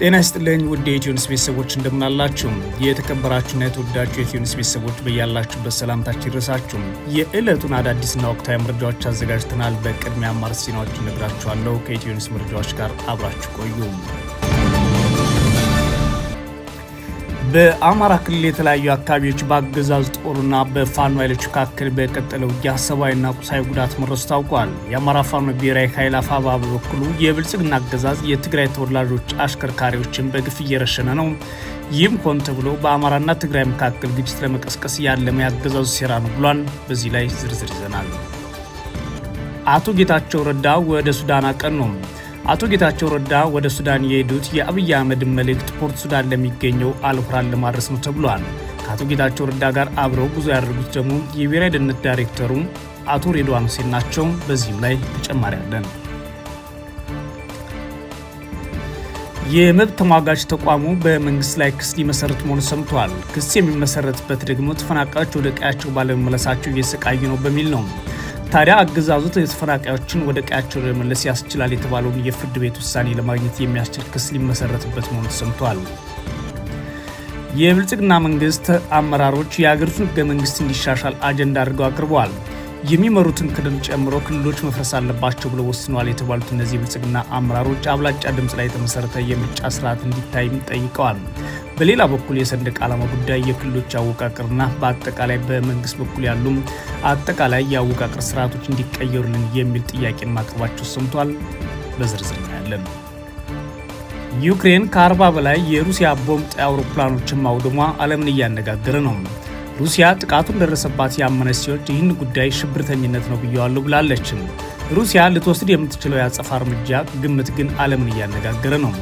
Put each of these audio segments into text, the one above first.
ጤና ይስጥልኝ ውድ የኢትዮኒስ ቤተሰቦች እንደምናላችሁ። የተከበራችሁና የተወዳችሁ የኢትዮኒስ ቤተሰቦች በያላችሁበት ሰላምታችሁ ይድረሳችሁ። የዕለቱን አዳዲስና ወቅታዊ መረጃዎች አዘጋጅተናል። በቅድሚያ አማር ዜናዎች ነግራችኋለሁ። ከኢትዮኒስ መረጃዎች ጋር አብራችሁ ቆዩ። በአማራ ክልል የተለያዩ አካባቢዎች በአገዛዝ ጦርና በፋኖ ኃይሎች መካከል በቀጠለ ውጊያ ሰብአዊና ቁሳዊ ጉዳት መድረሱ ታውቋል። የአማራ ፋኖ ብሔራዊ ኃይል አፋባ በበኩሉ የብልጽግና አገዛዝ የትግራይ ተወላጆች አሽከርካሪዎችን በግፍ እየረሸነ ነው። ይህም ሆን ተብሎ በአማራና ትግራይ መካከል ግጭት ለመቀስቀስ ያለመ ያገዛዙ ሴራ ነው ብሏል። በዚህ ላይ ዝርዝር ይዘናል። አቶ ጌታቸው ረዳ ወደ ሱዳን አቀኑ። አቶ ጌታቸው ረዳ ወደ ሱዳን የሄዱት የአብይ አህመድ መልእክት ፖርት ሱዳን ለሚገኘው አልሁራን ለማድረስ ነው ተብሏል። ከአቶ ጌታቸው ረዳ ጋር አብረው ጉዞ ያደረጉት ደግሞ የብሔራዊ ደህንነት ዳይሬክተሩ አቶ ሬድዋን ሁሴን ናቸው። በዚህም ላይ ተጨማሪ አለን። የመብት ተሟጋች ተቋሙ በመንግስት ላይ ክስ ሊመሰርት መሆኑ ሰምቷል። ክስ የሚመሰረትበት ደግሞ ተፈናቃዮች ወደ ቀያቸው ባለመመለሳቸው እየሰቃዩ ነው በሚል ነው። ታዲያ አገዛዙ ተፈናቃዮችን ወደ ቀያቸው ለመመለስ ያስችላል የተባለውን የፍርድ ቤት ውሳኔ ለማግኘት የሚያስችል ክስ ሊመሰረትበት መሆኑ ተሰምቷል። የብልጽግና መንግስት አመራሮች የአገሪቱን ህገ መንግስት እንዲሻሻል አጀንዳ አድርገው አቅርበዋል። የሚመሩትን ክልል ጨምሮ ክልሎች መፍረስ አለባቸው ብለው ወስነዋል የተባሉት እነዚህ ብልጽግና አመራሮች አብላጫ ድምፅ ላይ የተመሰረተ የምርጫ ስርዓት እንዲታይም ጠይቀዋል። በሌላ በኩል የሰንደቅ ዓላማ ጉዳይ የክልሎች አወቃቅርና በአጠቃላይ በመንግስት በኩል ያሉም አጠቃላይ የአወቃቅር ስርዓቶች እንዲቀየሩልን የሚል ጥያቄን ማቅረባቸው ሰምቷል። በዝርዝር እናያለን። ዩክሬን ከአርባ በላይ የሩሲያ ቦምጥ አውሮፕላኖችን ማውደሟ ዓለምን እያነጋገረ ነው። ሩሲያ ጥቃቱን ደረሰባት ያመነች ሲሆን ይህን ጉዳይ ሽብርተኝነት ነው ብየዋለሁ ብላለችም። ሩሲያ ልትወስድ የምትችለው የአጸፋ እርምጃ ግምት ግን ዓለምን እያነጋገረ ነው።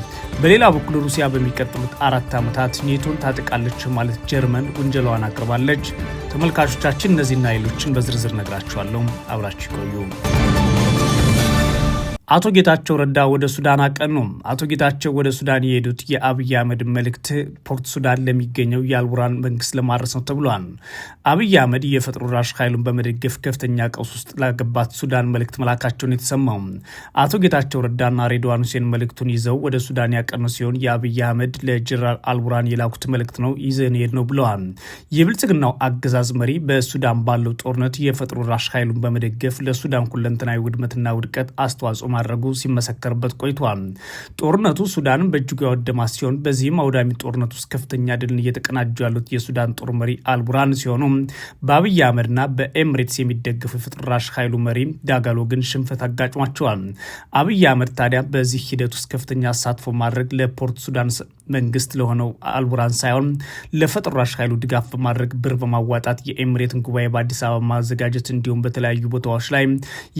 በሌላ በኩል ሩሲያ በሚቀጥሉት አራት ዓመታት ኔቶን ታጠቃለች ማለት ጀርመን ውንጀላዋን አቅርባለች። ተመልካቾቻችን እነዚህና ሌሎችን በዝርዝር ነግራችኋለሁ። አብራችሁ ይቆዩ። አቶ ጌታቸው ረዳ ወደ ሱዳን አቀኑ። አቶ ጌታቸው ወደ ሱዳን የሄዱት የአብይ አህመድ መልእክት ፖርት ሱዳን ለሚገኘው የአልቡራን መንግስት ለማድረስ ነው ተብሏል። አብይ አህመድ የፈጥኖ ደራሽ ኃይሉን በመደገፍ ከፍተኛ ቀውስ ውስጥ ላገባት ሱዳን መልእክት መላካቸውን የተሰማው አቶ ጌታቸው ረዳና ሬድዋን ሁሴን መልእክቱን ይዘው ወደ ሱዳን ያቀኑ ሲሆን የአብይ አህመድ ለጀነራል አልቡራን የላኩት መልእክት ነው ይዘን ሄድ ነው ብለዋል። የብልጽግናው አገዛዝ መሪ በሱዳን ባለው ጦርነት የፈጥኖ ደራሽ ኃይሉን በመደገፍ ለሱዳን ሁለንተናዊ ውድመትና ውድቀት አስተዋጽኦ ማድረጉ ሲመሰከርበት ቆይቷል። ጦርነቱ ሱዳንን በእጅጉ ያወደማት ሲሆን በዚህም አውዳሚ ጦርነት ውስጥ ከፍተኛ ድልን እየተቀናጁ ያሉት የሱዳን ጦር መሪ አልቡራን ሲሆኑ በአብይ አህመድና በኤምሬትስ የሚደግፉ የፍጥራሽ ኃይሉ መሪ ዳጋሎ ግን ሽንፈት አጋጭሟቸዋል። አብይ አህመድ ታዲያ በዚህ ሂደት ውስጥ ከፍተኛ አሳትፎ ማድረግ ለፖርት ሱዳን መንግስት ለሆነው አልቡራን ሳይሆን ለፈጥራሽ ኃይሉ ድጋፍ በማድረግ ብር በማዋጣት የኤምሬትን ጉባኤ በአዲስ አበባ ማዘጋጀት እንዲሁም በተለያዩ ቦታዎች ላይ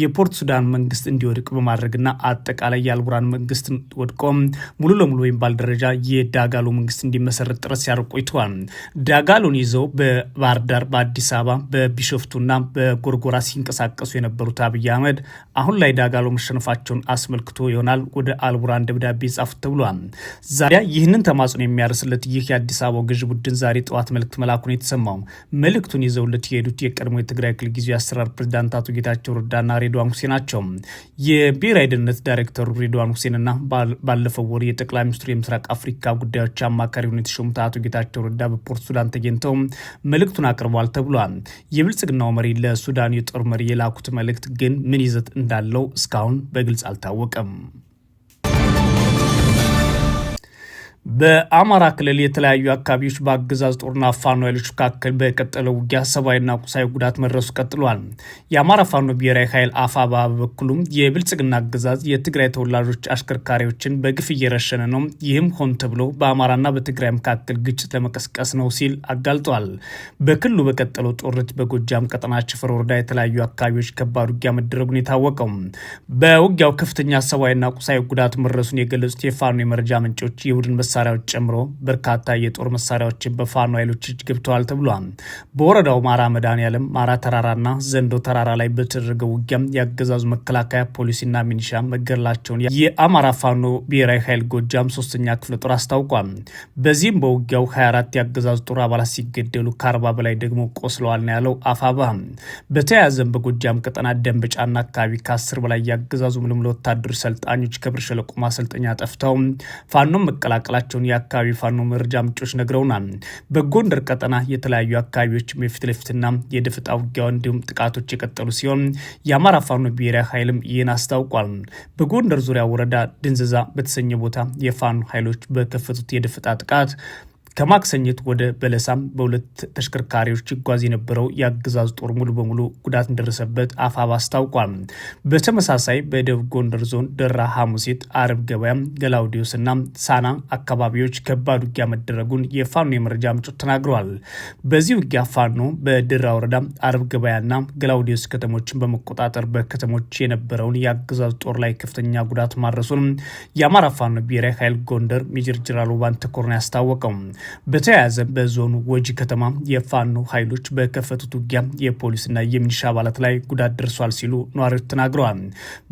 የፖርት ሱዳን መንግስት እንዲወድቅ በማድረግ ማድረግና አጠቃላይ የአልቡራን መንግስት ወድቆ ሙሉ ለሙሉ በሚባል ደረጃ የዳጋሎ መንግስት እንዲመሰረት ጥረት ሲያደርግ ቆይተዋል። ዳጋሎን ይዘው በባህር ዳር፣ በአዲስ አበባ፣ በቢሾፍቱና በጎርጎራ ሲንቀሳቀሱ የነበሩት አብይ አህመድ አሁን ላይ ዳጋሎ መሸነፋቸውን አስመልክቶ ይሆናል ወደ አልቡራን ደብዳቤ ጻፉት ተብሏል። ዛሬ ይህንን ተማጽኖ የሚያርስለት ይህ የአዲስ አበባው ገዥ ቡድን ዛሬ ጠዋት መልእክት መላኩን የተሰማው መልእክቱን ይዘውለት የሄዱት የቀድሞ የትግራይ ክልል ጊዜያዊ አስተዳደር ፕሬዚዳንት አቶ ጌታቸው ረዳና ሬድዋን ሁሴ ናቸው። የብሔራዊ ደህንነት ዳይሬክተሩ ሬድዋን ሁሴንና ባለፈው ወር የጠቅላይ ሚኒስትሩ የምስራቅ አፍሪካ ጉዳዮች አማካሪውን የተሾሙት አቶ ጌታቸው ረዳ በፖርት ሱዳን ተገኝተው መልእክቱን አቅርበዋል ተብሏል። የብልጽግናው መሪ ለሱዳን የጦር መሪ የላኩት መልእክት ግን ምን ይዘት እንዳለው እስካሁን በግልጽ አልታወቀም። በአማራ ክልል የተለያዩ አካባቢዎች በአገዛዝ ጦርና ፋኖ ኃይሎች መካከል በቀጠለው ውጊያ ሰብአዊና ቁሳዊ ጉዳት መድረሱ ቀጥሏል። የአማራ ፋኖ ብሔራዊ ኃይል አፋባ በበኩሉም የብልጽግና አገዛዝ የትግራይ ተወላጆች አሽከርካሪዎችን በግፍ እየረሸነ ነው፣ ይህም ሆን ተብሎ በአማራና በትግራይ መካከል ግጭት ለመቀስቀስ ነው ሲል አጋልጧል። በክልሉ በቀጠለው ጦርነት በጎጃም ቀጠና ችፍር ወረዳ የተለያዩ አካባቢዎች ከባድ ውጊያ መደረጉን የታወቀው በውጊያው ከፍተኛ ሰብአዊና ቁሳዊ ጉዳት መድረሱን የገለጹት የፋኖ የመረጃ ምንጮች የቡድን መሳሪያዎች ጨምሮ በርካታ የጦር መሳሪያዎችን በፋኖ ኃይሎች እጅ ገብተዋል ተብሏል። በወረዳው ማራ መድኃኔዓለም፣ ማራ ተራራና ዘንዶ ተራራ ላይ በተደረገው ውጊያ የአገዛዙ መከላከያ ፖሊሲና ሚኒሻ መገደላቸውን የአማራ ፋኖ ብሔራዊ ኃይል ጎጃም ሶስተኛ ክፍለ ጦር አስታውቋል። በዚህም በውጊያው 24 የአገዛዙ ጦር አባላት ሲገደሉ ከአርባ በላይ ደግሞ ቆስለዋል ነው ያለው አፋባ። በተያያዘም በጎጃም ቀጠና ደንበጫና አካባቢ ከ10 በላይ የአገዛዙ ምልምል ወታደሮች ሰልጣኞች ከብር ሸለቆ ማሰልጠኛ ጠፍተው ፋኖም መቀላቀላቸው መሆናቸውን የአካባቢ ፋኖ መረጃ ምንጮች ነግረውናል። በጎንደር ቀጠና የተለያዩ አካባቢዎች የፊት ለፊትና የደፈጣ ውጊያ እንዲሁም ጥቃቶች የቀጠሉ ሲሆን የአማራ ፋኖ ብሔራዊ ኃይልም ይህን አስታውቋል። በጎንደር ዙሪያ ወረዳ ድንዝዛ በተሰኘ ቦታ የፋኖ ኃይሎች በከፈቱት የደፍጣ ጥቃት ከማክሰኘት ወደ በለሳም በሁለት ተሽከርካሪዎች ይጓዝ የነበረው የአገዛዝ ጦር ሙሉ በሙሉ ጉዳት እንደደረሰበት አፋብ አስታውቋል። በተመሳሳይ በደቡብ ጎንደር ዞን ደራ ሐሙሴት፣ አረብ ገበያ፣ ገላውዲዮስና ሳና አካባቢዎች ከባድ ውጊያ መደረጉን የፋኖ የመረጃ ምንጮች ተናግረዋል። በዚህ ውጊያ ፋኖ በደራ ወረዳ አረብ ገበያና ገላውዲዮስ ከተሞችን በመቆጣጠር በከተሞች የነበረውን የአገዛዝ ጦር ላይ ከፍተኛ ጉዳት ማድረሱን የአማራ ፋኖ ብሔራዊ ኃይል ጎንደር ሜጀር ጀነራል ውባንተ ያስታወቀው በተያያዘ በዞኑ ወጂ ከተማ የፋኖ ኃይሎች በከፈቱት ውጊያ የፖሊስና የሚኒሻ አባላት ላይ ጉዳት ደርሷል ሲሉ ነዋሪዎች ተናግረዋል።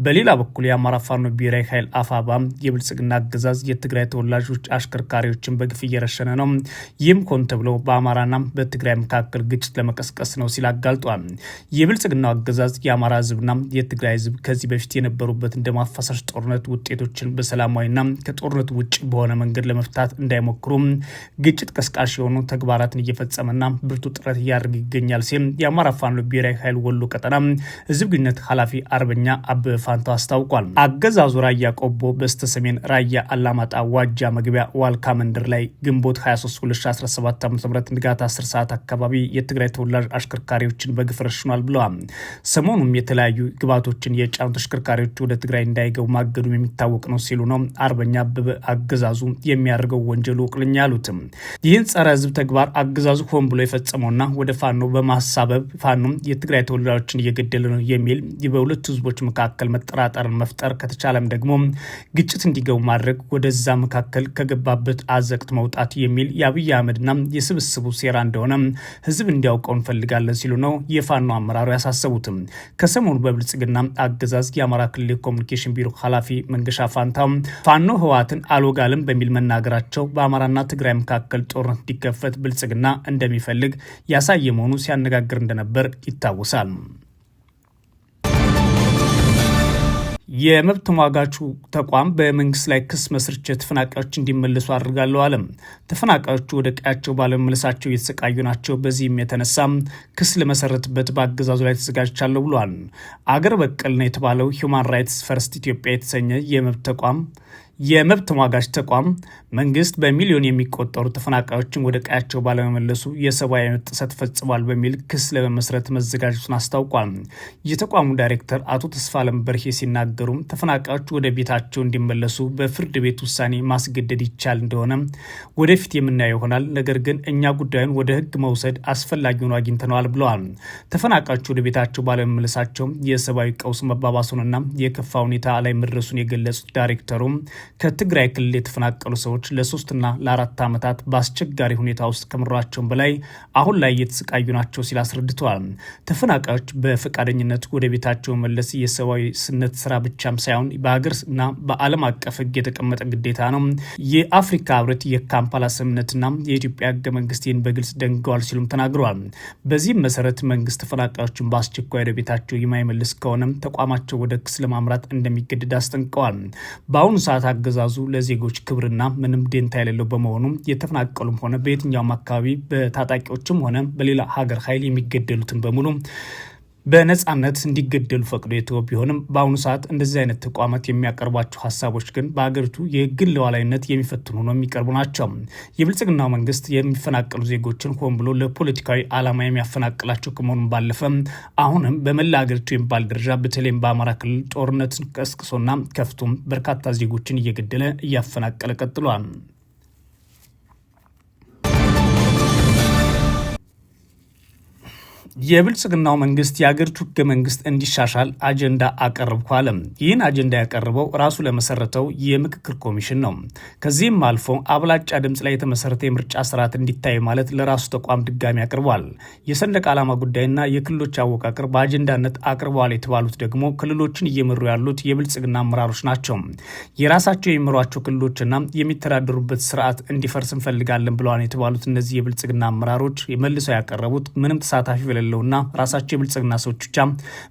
በሌላ በኩል የአማራ ፋኖ ብሔራዊ ኃይል አፋባ የብልጽግና አገዛዝ የትግራይ ተወላጆች አሽከርካሪዎችን በግፍ እየረሸነ ነው፣ ይህም ሆን ተብሎ በአማራና በትግራይ መካከል ግጭት ለመቀስቀስ ነው ሲል አጋልጧል። የብልጽግናው አገዛዝ የአማራ ህዝብና የትግራይ ህዝብ ከዚህ በፊት የነበሩበት ማፋሳሽ ጦርነት ውጤቶችን በሰላማዊና ከጦርነት ውጭ በሆነ መንገድ ለመፍታት እንዳይሞክሩም ግጭት ቀስቃሽ የሆኑ ተግባራትን እየፈጸመና ብርቱ ጥረት እያደረገ ይገኛል ሲል የአማራ ፋኖ ብሔራዊ ኃይል ወሎ ቀጠና ህዝብ ግንኙነት ኃላፊ አርበኛ አበበ ፋንቶ አስታውቋል። አገዛዙ ራያ ቆቦ በስተሰሜን ራያ አላማጣ ዋጃ መግቢያ ዋልካ መንደር ላይ ግንቦት 23 2017 ም ንጋት 10 ሰዓት አካባቢ የትግራይ ተወላጅ አሽከርካሪዎችን በግፍ ረሽኗል ብለዋል። ሰሞኑም የተለያዩ ግብዓቶችን የጫኑ ተሽከርካሪዎች ወደ ትግራይ እንዳይገቡ ማገዱም የሚታወቅ ነው ሲሉ ነው አርበኛ አበበ አገዛዙ የሚያደርገው ወንጀሉ ቅልኛ ያሉትም ይህን ጸረ ህዝብ ተግባር አገዛዙ ሆን ብሎ የፈጸመውና ወደ ፋኖ በማሳበብ ፋኖ የትግራይ ተወላጆችን እየገደለ ነው የሚል በሁለቱ ህዝቦች መካከል መጠራጠርን መፍጠር ከተቻለም ደግሞ ግጭት እንዲገቡ ማድረግ ወደዛ መካከል ከገባበት አዘቅት መውጣት የሚል የአብይ አህመድና የስብስቡ ሴራ እንደሆነ ህዝብ እንዲያውቀው እንፈልጋለን ሲሉ ነው የፋኖ አመራሩ ያሳሰቡትም። ከሰሞኑ በብልጽግና አገዛዝ የአማራ ክልል የኮሚኒኬሽን ቢሮ ኃላፊ መንገሻ ፋንታ ፋኖ ህወሓትን አልወጋልም በሚል መናገራቸው በአማራና ትግራይ መካከል መካከል ጦርነት እንዲከፈት ብልጽግና እንደሚፈልግ ያሳየ መሆኑ ሲያነጋግር እንደነበር ይታወሳል። የመብት ተሟጋቹ ተቋም በመንግስት ላይ ክስ መስርቼ ተፈናቃዮች እንዲመለሱ አድርጋለሁ አለም። ተፈናቃዮቹ ወደ ቀያቸው ባለመመለሳቸው እየተሰቃዩ ናቸው። በዚህም የተነሳ ክስ ለመሰረትበት በአገዛዙ ላይ ተዘጋጅቻለሁ ብሏል። አገር በቀል ነው የተባለው ሂውማን ራይትስ ፈርስት ኢትዮጵያ የተሰኘ የመብት ተቋም የመብት ተሟጋች ተቋም መንግስት በሚሊዮን የሚቆጠሩ ተፈናቃዮችን ወደ ቀያቸው ባለመመለሱ የሰብአዊ መብት ጥሰት ፈጽሟል በሚል ክስ ለመመስረት መዘጋጀቱን አስታውቋል። የተቋሙ ዳይሬክተር አቶ ተስፋለም በርሄ ሲናገሩም ተፈናቃዮች ወደ ቤታቸው እንዲመለሱ በፍርድ ቤት ውሳኔ ማስገደድ ይቻል እንደሆነ ወደፊት የምናየው ይሆናል። ነገር ግን እኛ ጉዳዩን ወደ ህግ መውሰድ አስፈላጊ ሆኖ አግኝተነዋል ብለዋል። ተፈናቃዮች ወደ ቤታቸው ባለመመለሳቸው የሰብአዊ ቀውስ መባባሱንና የከፋ ሁኔታ ላይ መድረሱን የገለጹት ዳይሬክተሩም ከትግራይ ክልል የተፈናቀሉ ሰዎች ለሶስትና ለአራት ዓመታት በአስቸጋሪ ሁኔታ ውስጥ ከምሯቸውን በላይ አሁን ላይ እየተሰቃዩ ናቸው ሲል አስረድተዋል። ተፈናቃዮች በፈቃደኝነት ወደ ቤታቸው መለስ የሰብአዊ ስነት ስራ ብቻም ሳይሆን በሀገር እና በዓለም አቀፍ ህግ የተቀመጠ ግዴታ ነው። የአፍሪካ ህብረት የካምፓላ ስምምነትና የኢትዮጵያ ህገ መንግስትን በግልጽ ደንገዋል ሲሉም ተናግረዋል። በዚህም መሰረት መንግስት ተፈናቃዮችን በአስቸኳይ ወደ ቤታቸው የማይመልስ ከሆነም ተቋማቸው ወደ ክስ ለማምራት እንደሚገደድ አስጠንቅቀዋል። በአሁኑ ሰዓት አገዛዙ ለዜጎች ክብርና ምንም ደንታ የሌለው በመሆኑ የተፈናቀሉም ሆነ በየትኛውም አካባቢ በታጣቂዎችም ሆነ በሌላ ሀገር ኃይል የሚገደሉትን በሙሉ በነጻነት እንዲገደሉ ፈቅዶ የተወ ቢሆንም በአሁኑ ሰዓት እንደዚህ አይነት ተቋማት የሚያቀርቧቸው ሀሳቦች ግን በአገሪቱ የግል ለዋላዊነት የሚፈትኑ ነው የሚቀርቡ ናቸው። የብልጽግናው መንግስት የሚፈናቀሉ ዜጎችን ሆን ብሎ ለፖለቲካዊ ዓላማ የሚያፈናቅላቸው ከመሆኑም ባለፈ አሁንም በመላ አገሪቱ የሚባል ደረጃ በተለይም በአማራ ክልል ጦርነትን ቀስቅሶና ከፍቶም በርካታ ዜጎችን እየገደለ እያፈናቀለ ቀጥሏል። የብልጽግናው መንግስት የአገሪቱ ህገ መንግስት እንዲሻሻል አጀንዳ አቀርብኩ አለ። ይህን አጀንዳ ያቀረበው ራሱ ለመሰረተው የምክክር ኮሚሽን ነው። ከዚህም አልፎ አብላጫ ድምፅ ላይ የተመሰረተ የምርጫ ስርዓት እንዲታይ ማለት ለራሱ ተቋም ድጋሚ አቅርቧል። የሰንደቅ ዓላማ ጉዳይና የክልሎች አወቃቀር በአጀንዳነት አቅርበዋል የተባሉት ደግሞ ክልሎችን እየመሩ ያሉት የብልጽግና አመራሮች ናቸው። የራሳቸው የሚመሯቸው ክልሎችና የሚተዳደሩበት ስርዓት እንዲፈርስ እንፈልጋለን ብለዋል የተባሉት እነዚህ የብልጽግና አመራሮች መልሰው ያቀረቡት ምንም ተሳታፊ የሌለውና ራሳቸው የብልጽግና ሰዎች ብቻ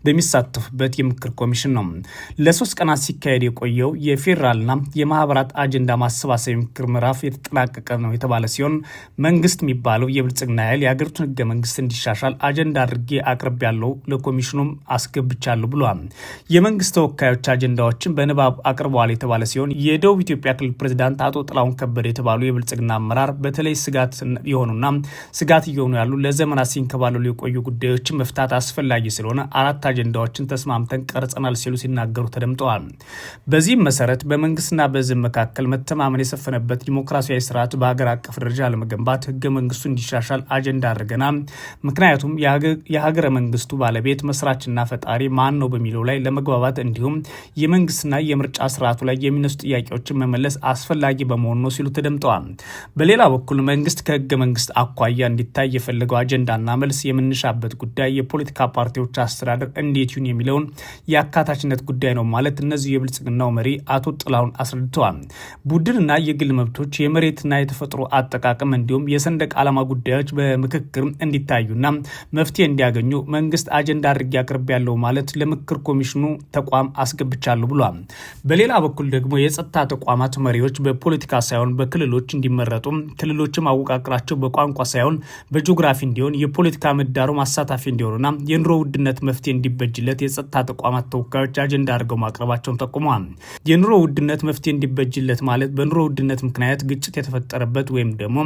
በሚሳተፉበት የምክር ኮሚሽን ነው። ለሶስት ቀናት ሲካሄድ የቆየው የፌዴራልና የማህበራት አጀንዳ ማሰባሰብ የምክር ምዕራፍ የተጠናቀቀ ነው የተባለ ሲሆን መንግስት የሚባለው የብልጽግና ያህል የሀገሪቱን ህገ መንግስት እንዲሻሻል አጀንዳ አድርጌ አቅርብ ያለው ለኮሚሽኑም አስገብቻለሁ ብሏል። የመንግስት ተወካዮች አጀንዳዎችን በንባብ አቅርበዋል የተባለ ሲሆን የደቡብ ኢትዮጵያ ክልል ፕሬዚዳንት አቶ ጥላሁን ከበደ የተባሉ የብልጽግና አመራር በተለይ ስጋት የሆኑና ስጋት እየሆኑ ያሉ ለዘመናት ሲንከባለሉ የቆዩ ጉዳዮችን መፍታት አስፈላጊ ስለሆነ አራት አጀንዳዎችን ተስማምተን ቀርጸናል ሲሉ ሲናገሩ ተደምጠዋል። በዚህም መሰረት በመንግስትና በህዝብ መካከል መተማመን የሰፈነበት ዲሞክራሲያዊ ስርዓት በሀገር አቀፍ ደረጃ ለመገንባት ህገ መንግስቱ እንዲሻሻል አጀንዳ አድርገናል። ምክንያቱም የሀገረ መንግስቱ ባለቤት መስራችና ፈጣሪ ማን ነው በሚለው ላይ ለመግባባት እንዲሁም የመንግስትና የምርጫ ስርዓቱ ላይ የሚነሱ ጥያቄዎችን መመለስ አስፈላጊ በመሆኑ ነው ሲሉ ተደምጠዋል። በሌላ በኩል መንግስት ከህገ መንግስት አኳያ እንዲታይ የፈለገው አጀንዳና መልስ የምንሻ በሚሰራበት ጉዳይ የፖለቲካ ፓርቲዎች አስተዳደር እንዴት ይሁን የሚለውን የአካታችነት ጉዳይ ነው ማለት እነዚህ የብልጽግናው መሪ አቶ ጥላሁን አስረድተዋል። ቡድንና የግል መብቶች፣ የመሬትና የተፈጥሮ አጠቃቀም እንዲሁም የሰንደቅ ዓላማ ጉዳዮች በምክክር እንዲታዩና መፍትሄ እንዲያገኙ መንግስት አጀንዳ አድርጌ አቅርብ ያለው ማለት ለምክር ኮሚሽኑ ተቋም አስገብቻለሁ ብሏል። በሌላ በኩል ደግሞ የጸጥታ ተቋማት መሪዎች በፖለቲካ ሳይሆን በክልሎች እንዲመረጡ ክልሎችም አወቃቅራቸው በቋንቋ ሳይሆን በጂኦግራፊ እንዲሆን የፖለቲካ ምህዳሩም አሳታፊ እንዲሆኑና የኑሮ ውድነት መፍትሄ እንዲበጅለት የጸጥታ ተቋማት ተወካዮች አጀንዳ አድርገው ማቅረባቸውን ጠቁመዋል። የኑሮ ውድነት መፍትሄ እንዲበጅለት ማለት በኑሮ ውድነት ምክንያት ግጭት የተፈጠረበት ወይም ደግሞ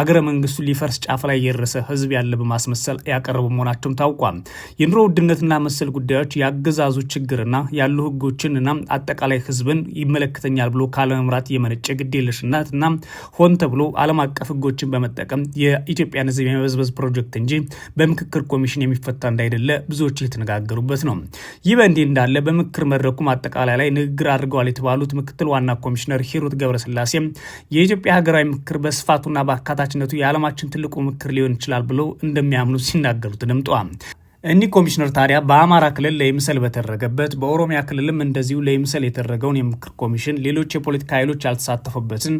አገረ መንግስቱ ሊፈርስ ጫፍ ላይ የደረሰ ህዝብ ያለ በማስመሰል ያቀረቡ መሆናቸውም ታውቋል። የኑሮ ውድነትና መሰል ጉዳዮች የአገዛዙ ችግርና ያሉ ህጎችንና አጠቃላይ ህዝብን ይመለከተኛል ብሎ ካለመምራት የመነጨ እና ሆን ተብሎ ዓለም አቀፍ ህጎችን በመጠቀም የኢትዮጵያን ህዝብ የመበዝበዝ ፕሮጀክት እንጂ በምክክል በምክክር ኮሚሽን የሚፈታ እንዳይደለ ብዙዎች እየተነጋገሩበት ነው። ይህ በእንዲህ እንዳለ በምክር መድረኩ ማጠቃላይ ላይ ንግግር አድርገዋል የተባሉት ምክትል ዋና ኮሚሽነር ሂሩት ገብረስላሴ የኢትዮጵያ ሀገራዊ ምክር በስፋቱና በአካታችነቱ የዓለማችን ትልቁ ምክር ሊሆን ይችላል ብለው እንደሚያምኑ ሲናገሩ ተደምጠዋል። እኒህ ኮሚሽነር ታዲያ በአማራ ክልል ለይምሰል በተደረገበት በኦሮሚያ ክልልም እንደዚሁ ለይምሰል የተደረገውን የምክር ኮሚሽን ሌሎች የፖለቲካ ኃይሎች ያልተሳተፉበትን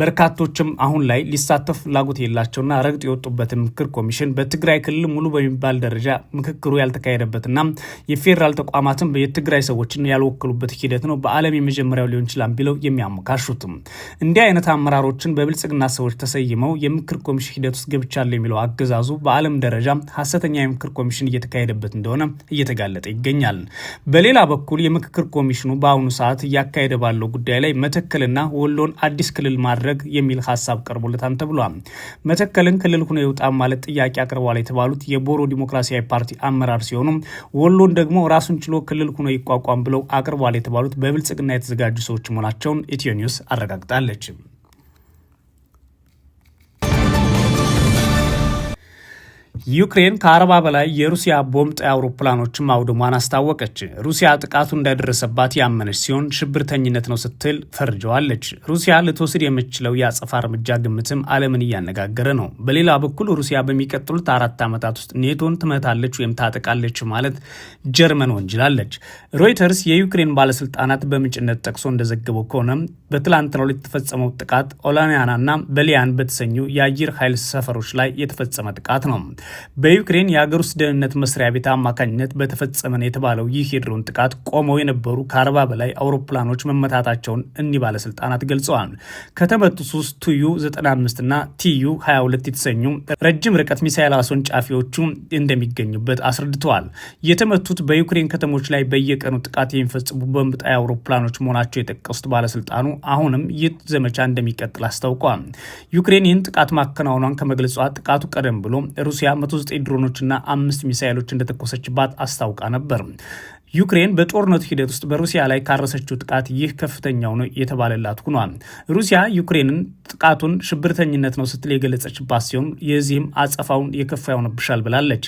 በርካቶችም አሁን ላይ ሊሳተፍ ፍላጎት የላቸውና ረግጥ የወጡበትን ምክር ኮሚሽን በትግራይ ክልል ሙሉ በሚባል ደረጃ ምክክሩ ያልተካሄደበትና የፌዴራል ተቋማትን የትግራይ ሰዎችን ያልወከሉበት ሂደት ነው በዓለም የመጀመሪያው ሊሆን ይችላል ቢለው የሚያሞካሹትም እንዲህ አይነት አመራሮችን በብልጽግና ሰዎች ተሰይመው የምክር ኮሚሽን ሂደት ውስጥ ገብቻለሁ የሚለው አገዛዙ በዓለም ደረጃ ሀሰተኛ የምክር ኮሚሽን እየተካሄደበት እንደሆነ እየተጋለጠ ይገኛል። በሌላ በኩል የምክክር ኮሚሽኑ በአሁኑ ሰዓት እያካሄደ ባለው ጉዳይ ላይ መተከልና ወሎን አዲስ ክልል ማድረግ የሚል ሀሳብ ቀርቦለታል ተብሏል። መተከልን ክልል ሆኖ የውጣም ማለት ጥያቄ አቅርቧል የተባሉት የቦሮ ዲሞክራሲያዊ ፓርቲ አመራር ሲሆኑ ወሎን ደግሞ ራሱን ችሎ ክልል ሁኖ ይቋቋም ብለው አቅርቧል የተባሉት በብልጽግና የተዘጋጁ ሰዎች መሆናቸውን ኢትዮ ኒውስ አረጋግጣለች። ዩክሬን ከአርባ በላይ የሩሲያ ቦምብ ጣይ አውሮፕላኖችን ማውደሟን አስታወቀች። ሩሲያ ጥቃቱ እንዳደረሰባት ያመነች ሲሆን ሽብርተኝነት ነው ስትል ፈርጀዋለች። ሩሲያ ልትወስድ የምችለው የአጸፋ እርምጃ ግምትም ዓለምን እያነጋገረ ነው። በሌላ በኩል ሩሲያ በሚቀጥሉት አራት ዓመታት ውስጥ ኔቶን ትመታለች ወይም ታጠቃለች ማለት ጀርመን ወንጅላለች። ሮይተርስ የዩክሬን ባለስልጣናት በምንጭነት ጠቅሶ እንደዘገበው ከሆነም በትላንትናው ዕለት የተፈጸመው ጥቃት ኦላኒያናና በሊያን በተሰኙ የአየር ኃይል ሰፈሮች ላይ የተፈጸመ ጥቃት ነው። በዩክሬን የሀገር ውስጥ ደህንነት መስሪያ ቤት አማካኝነት በተፈጸመ ነው የተባለው ይህ የድሮን ጥቃት ቆመው የነበሩ ከአርባ በላይ አውሮፕላኖች መመታታቸውን እኒህ ባለስልጣናት ገልጸዋል። ከተመቱት ውስጥ ቱዩ 95 እና ቲዩ 22 የተሰኙ ረጅም ርቀት ሚሳይል አስወንጫፊዎቹ እንደሚገኙበት አስረድተዋል። የተመቱት በዩክሬን ከተሞች ላይ በየቀኑ ጥቃት የሚፈጽሙ በምጣይ አውሮፕላኖች መሆናቸው የጠቀሱት ባለስልጣኑ አሁንም ይህ ዘመቻ እንደሚቀጥል አስታውቋል። ዩክሬን ይህን ጥቃት ማከናወኗን ከመግለጿ ጥቃቱ ቀደም ብሎ ሩሲያ 109 ድሮኖችና አምስት ሚሳይሎች እንደተኮሰችባት አስታውቃ ነበር። ዩክሬን በጦርነቱ ሂደት ውስጥ በሩሲያ ላይ ካረሰችው ጥቃት ይህ ከፍተኛው ነው የተባለላት ሆኗል። ሩሲያ ዩክሬንን ጥቃቱን ሽብርተኝነት ነው ስትል የገለጸችባት ሲሆን የዚህም አጸፋውን የከፋ ይሆንብሻል ብላለች።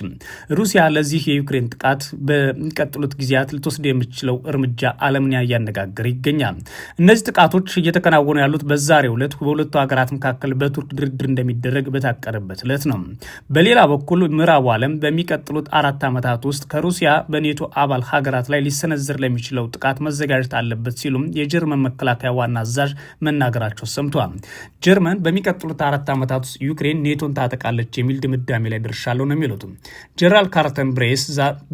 ሩሲያ ለዚህ የዩክሬን ጥቃት በሚቀጥሉት ጊዜያት ልትወስድ የምችለው እርምጃ ዓለምን እያነጋገረ ይገኛል። እነዚህ ጥቃቶች እየተከናወኑ ያሉት በዛሬው ዕለት በሁለቱ ሀገራት መካከል በቱርክ ድርድር እንደሚደረግ በታቀረበት ዕለት ነው። በሌላ በኩል ምዕራቡ ዓለም በሚቀጥሉት አራት ዓመታት ውስጥ ከሩሲያ በኔቶ አባል ሀገራት አባላት ላይ ሊሰነዝር ለሚችለው ጥቃት መዘጋጀት አለበት ሲሉም የጀርመን መከላከያ ዋና አዛዥ መናገራቸው ሰምቷል። ጀርመን በሚቀጥሉት አራት ዓመታት ውስጥ ዩክሬን ኔቶን ታጠቃለች የሚል ድምዳሜ ላይ ደርሻለሁ ነው የሚሉት ጀነራል ካርተን ብሬስ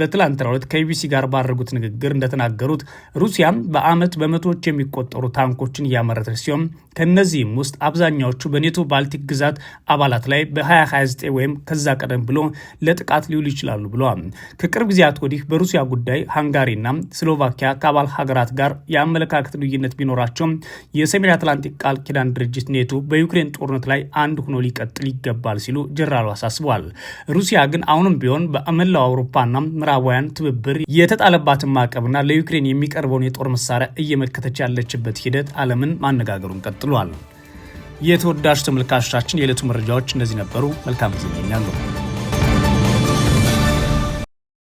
በትላንትናው ዕለት ከቢቢሲ ጋር ባደረጉት ንግግር እንደተናገሩት ሩሲያ በአመት በመቶዎች የሚቆጠሩ ታንኮችን እያመረተች ሲሆን ከእነዚህም ውስጥ አብዛኛዎቹ በኔቶ ባልቲክ ግዛት አባላት ላይ በ2029 ወይም ከዛ ቀደም ብሎ ለጥቃት ሊውሉ ይችላሉ ብለዋል። ከቅርብ ጊዜያት ወዲህ በሩሲያ ጉዳይ ሃንጋሪና ስሎቫኪያ ከአባል ሀገራት ጋር የአመለካከት ልዩነት ቢኖራቸውም የሰሜን አትላንቲክ ቃል ኪዳን ድርጅት ኔቶ በዩክሬን ጦርነት ላይ አንድ ሆኖ ሊቀጥል ይገባል ሲሉ ጀነራሉ አሳስበዋል። ሩሲያ ግን አሁንም ቢሆን በመላው አውሮፓና ምዕራባውያን ትብብር የተጣለባትን ማዕቀብና ለዩክሬን የሚቀርበውን የጦር መሳሪያ እየመከተች ያለችበት ሂደት ዓለምን ማነጋገሩን ቀጥሏል። የተወዳጅ ተመልካቾቻችን የዕለቱ መረጃዎች እነዚህ ነበሩ። መልካም ጊዜ